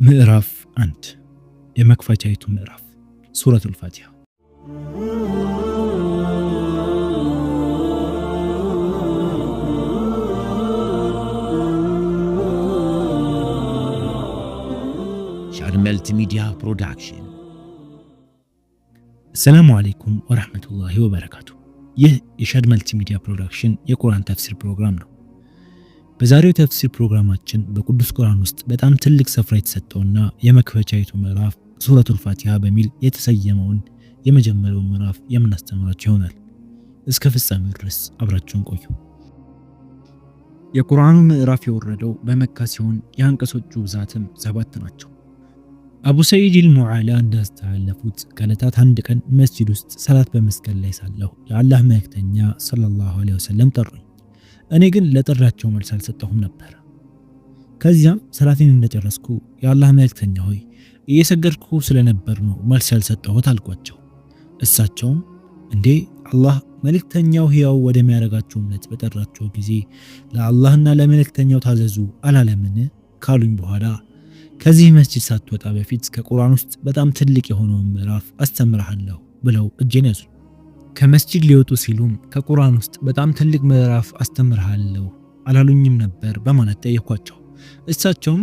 مئرف أنت يا مكفى مئرف سورة الفاتحة شعر ملت ميديا برودكشن السلام عليكم ورحمة الله وبركاته ይህ የሸድ መልቲሚዲያ ፕሮዳክሽን የቁርአን ተፍሲር ፕሮግራም ነው በዛሬው የተፍሲር ፕሮግራማችን በቅዱስ ቁርአን ውስጥ በጣም ትልቅ ስፍራ የተሰጠውና የመክፈቻይቱ ምዕራፍ ሱረቱል ፋቲሃ በሚል የተሰየመውን የመጀመሪያውን ምዕራፍ የምናስተምራችሁ ይሆናል። እስከ ፍጻሜው ድረስ አብራችሁን ቆዩ። የቁርአኑ ምዕራፍ የወረደው በመካ ሲሆን የአንቀሶቹ ብዛትም ሰባት ናቸው። አቡ ሰዒድ አልሙዓላ እንዳስተላለፉት ከዕለታት አንድ ቀን መስጂድ ውስጥ ሰላት በመስገድ ላይ ሳለሁ የአላህ መልእክተኛ ሰለላሁ ዐለይሂ ወሰለም ጠሩኝ። እኔ ግን ለጥሪያቸው መልስ አልሰጠሁም ነበር። ከዚያም ሰላቴን እንደጨረስኩ የአላህ መልእክተኛ ሆይ እየሰገድኩ ስለነበር ነው መልስ ያልሰጠሁት አልኳቸው። እሳቸውም እንዴ አላህ መልእክተኛው ሕያው ወደሚያደርጋችሁ እምነት በጠራቸው ጊዜ ለአላህና ለመልእክተኛው ታዘዙ አላለምን ካሉኝ በኋላ ከዚህ መስጂድ ሳትወጣ በፊት ከቁርአን ውስጥ በጣም ትልቅ የሆነውን ምዕራፍ አስተምርሃለሁ ብለው እጄን ያዙ። ከመስጂድ ሊወጡ ሲሉም ከቁርአን ውስጥ በጣም ትልቅ ምዕራፍ አስተምርሃለሁ አላሉኝም ነበር በማለት ጠየኳቸው። እሳቸውም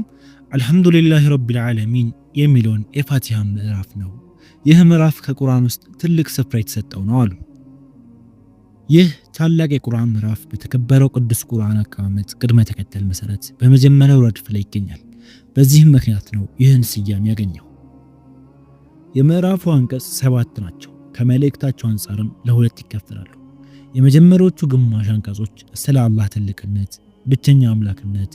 አልሐምዱሊላህ ረቢል ዓለሚን የሚለውን የፋቲሃ ምዕራፍ ነው፣ ይህ ምዕራፍ ከቁርአን ውስጥ ትልቅ ስፍራ የተሰጠው ነው አሉ። ይህ ታላቅ የቁርአን ምዕራፍ በተከበረው ቅዱስ ቁርአን አቀማመጥ ቅድመ ተከተል መሰረት በመጀመሪያው ረድፍ ላይ ይገኛል። በዚህም ምክንያት ነው ይህን ስያሜ ያገኘው። የምዕራፉ አንቀጽ ሰባት ናቸው። ከመልእክታቸው አንጻርም ለሁለት ይከፈላሉ። የመጀመሪያዎቹ ግማሽ አንቀጾች ስለ አላህ ትልቅነት፣ ብቸኛ አምላክነት፣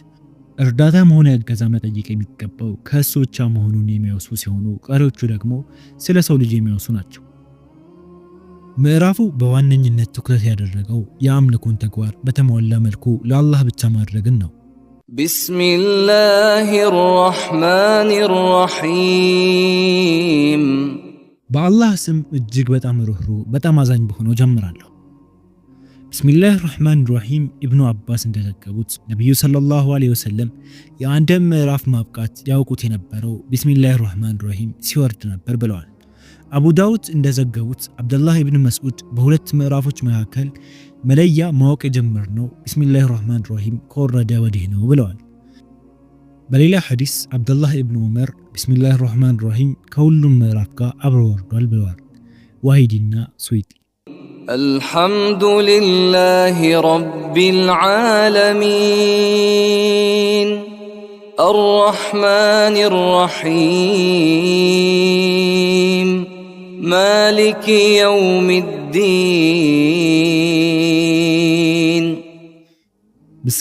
እርዳታም ሆነ እገዛ መጠየቅ የሚገባው ከእሱ ብቻ መሆኑን የሚያወሱ ሲሆኑ ቀሪዎቹ ደግሞ ስለ ሰው ልጅ የሚያወሱ ናቸው። ምዕራፉ በዋነኝነት ትኩረት ያደረገው የአምልኮን ተግባር በተሟላ መልኩ ለአላህ ብቻ ማድረግን ነው። ቢስሚላህ ራሕማን ራሒም በአላህ ስም እጅግ በጣም ሩህሩህ በጣም አዛኝ በሆነው ጀምራለሁ። ብስሚላህ ራህማን ራሂም። ኢብኑ አባስ እንደዘገቡት ነቢዩ ሰለላሁ ዐለይሂ ወሰለም የአንድን ምዕራፍ ማብቃት ያውቁት የነበረው ቢስሚላህ ራህማን ራሂም ሲወርድ ነበር ብለዋል። አቡ ዳውድ እንደዘገቡት አብደላህ ኢብን መስዑድ በሁለት ምዕራፎች መካከል መለያ ማወቅ የጀመርነው ቢስሚላህ ራህማን ራሂም ከወረደ ወዲህ ነው ብለዋል። በሌላ ሐዲስ አብደላህ ኢብን ዑመር ብስምላህ ራሕማን ራሒም ከሁሉም ምዕራፍ ጋር አብሮ ወርዷል ብለዋል ዋሂዲና ሱዊጢ። الحمد لله رب العالمين الرحمن الرحيم مالك يوم الدين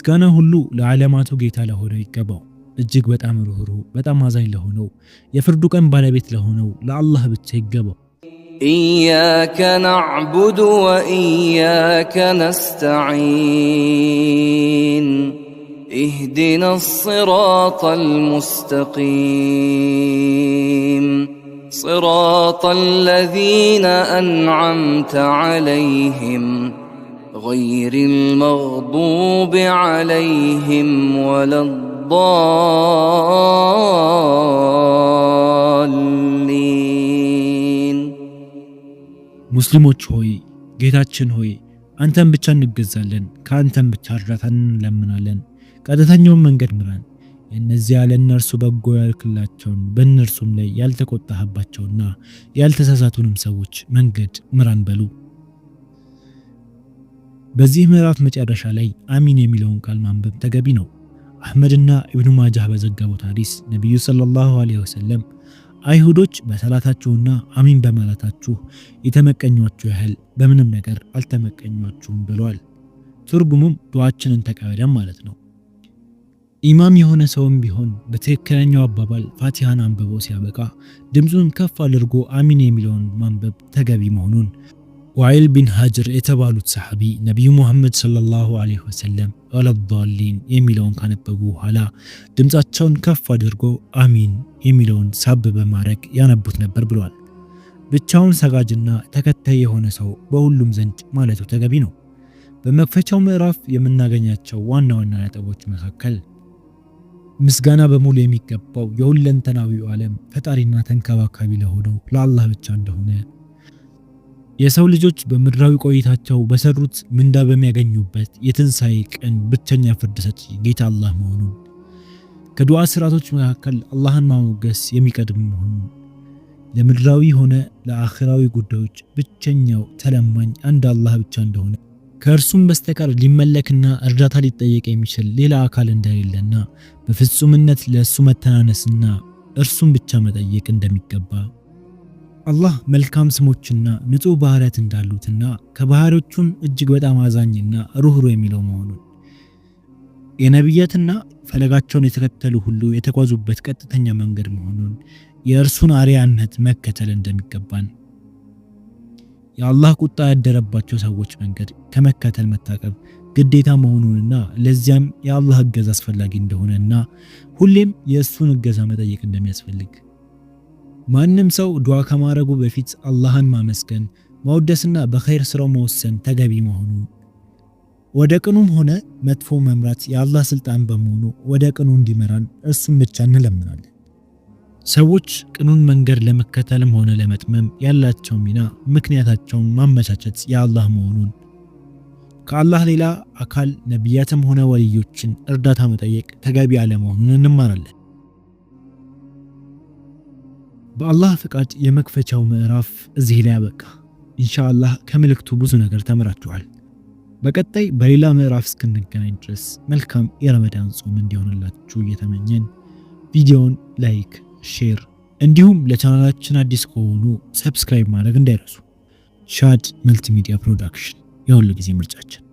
كان هلو لعلماته جيتا له ريكبو እጅግ በጣም ርኅሩኅ በጣም አዛኝ ለሆነው የፍርዱ ቀን ባለቤት ለሆነው ለአላህ ብቻ ይገባው إياك نعبد وإياك نستعين اهدنا الصراط المستقيم صراط الذين أنعمت عليهم غير المغضوب عليهم ولا الضالين ضالين ሙስሊሞች ሆይ ጌታችን ሆይ አንተን ብቻ እንገዛለን፣ ከአንተን ብቻ እርዳታን እንለምናለን። ቀጥተኛውን መንገድ ምራን። እነዚያ ለእነርሱ በጎ ያልክላቸውን በእነርሱም ላይ ያልተቆጣህባቸውና ያልተሳሳቱንም ሰዎች መንገድ ምራን በሉ። በዚህ ምዕራፍ መጨረሻ ላይ አሚን የሚለውን ቃል ማንበብ ተገቢ ነው። አህመድና ኢብኑ ማጃህ በዘገቡት ሀዲስ ነቢዩ ሰለላሁ ዐለይሂ ወሰለም አይሁዶች በሰላታችሁና አሚን በማለታችሁ የተመቀኟችሁ ያህል በምንም ነገር አልተመቀኟችሁም ብለዋል። ትርጉሙም ዱዓችንን ተቀበለን ማለት ነው። ኢማም የሆነ ሰውም ቢሆን በትክክለኛው አባባል ፋቲሃን አንብቦ ሲያበቃ ድምፁን ከፍ አድርጎ አሚን የሚለውን ማንበብ ተገቢ መሆኑን ዋይል ቢን ሀጅር የተባሉት ሰሐቢ ነቢዩ ሙሐመድ ሰለላሁ ዐለይሂ ወሰለም አለዳሊን የሚለውን ካነበቡ በኋላ ድምፃቸውን ከፍ አድርጎ አሚን የሚለውን ሳብ በማድረግ ያነቡት ነበር ብለዋል። ብቻውን ሰጋጅና ተከታይ የሆነ ሰው በሁሉም ዘንድ ማለቱ ተገቢ ነው። በመክፈቻው ምዕራፍ የምናገኛቸው ዋና ዋና ነጥቦች መካከል ምስጋና በሙሉ የሚገባው የሁለንተናዊው ዓለም ፈጣሪና ተንከባካቢ ለሆነው ለአላህ ብቻ እንደሆነ የሰው ልጆች በምድራዊ ቆይታቸው በሰሩት ምንዳ በሚያገኙበት የትንሣኤ ቀን ብቸኛ ፍርድ ሰጪ ጌታ አላህ መሆኑን ከዱዓ ስርዓቶች መካከል አላህን ማሞገስ የሚቀድም መሆኑን ለምድራዊ ሆነ ለአኽራዊ ጉዳዮች ብቸኛው ተለማኝ አንድ አላህ ብቻ እንደሆነ ከእርሱም በስተቀር ሊመለክና እርዳታ ሊጠየቅ የሚችል ሌላ አካል እንደሌለና በፍጹምነት ለእሱ መተናነስና እርሱን ብቻ መጠየቅ እንደሚገባ አላህ መልካም ስሞችና ንጹህ ባህሪያት እንዳሉትና ከባህሪዎቹም እጅግ በጣም አዛኝና ሩህሩህ የሚለው መሆኑን የነቢያትና ፈለጋቸውን የተከተሉ ሁሉ የተጓዙበት ቀጥተኛ መንገድ መሆኑን የእርሱን አርያነት መከተል እንደሚገባን የአላህ ቁጣ ያደረባቸው ሰዎች መንገድ ከመከተል መታቀብ ግዴታ መሆኑንና ለዚያም የአላህ እገዛ አስፈላጊ እንደሆነና ሁሌም የእሱን እገዛ መጠየቅ እንደሚያስፈልግ ማንም ሰው ዱዓ ከማድረጉ በፊት አላህን ማመስገን ማወደስና በኸይር ስራው መወሰን ተገቢ መሆኑ ወደ ቅኑም ሆነ መጥፎ መምራት የአላህ ስልጣን በመሆኑ ወደ ቅኑ እንዲመራን እሱም ብቻ እንለምናለን። ሰዎች ቅኑን መንገድ ለመከተልም ሆነ ለመጥመም ያላቸው ሚና ምክንያታቸውን ማመቻቸት የአላህ መሆኑን ከአላህ ሌላ አካል ነቢያትም ሆነ ወልዮችን እርዳታ መጠየቅ ተገቢ አለመሆኑን እንማራለን። በአላህ ፍቃድ የመክፈቻው ምዕራፍ እዚህ ላይ አበቃ። ኢንሻአላህ ከመልእክቱ ብዙ ነገር ተምራችኋል። በቀጣይ በሌላ ምዕራፍ እስክንገናኝ ድረስ መልካም የረመዳን ጾም እንዲሆንላችሁ እየተመኘን ቪዲዮውን ላይክ፣ ሼር እንዲሁም ለቻናላችን አዲስ ከሆኑ ሰብስክራይብ ማድረግ እንዳይረሱ። ሻድ መልቲሚዲያ ፕሮዳክሽን የሁሉ ጊዜ ምርጫችን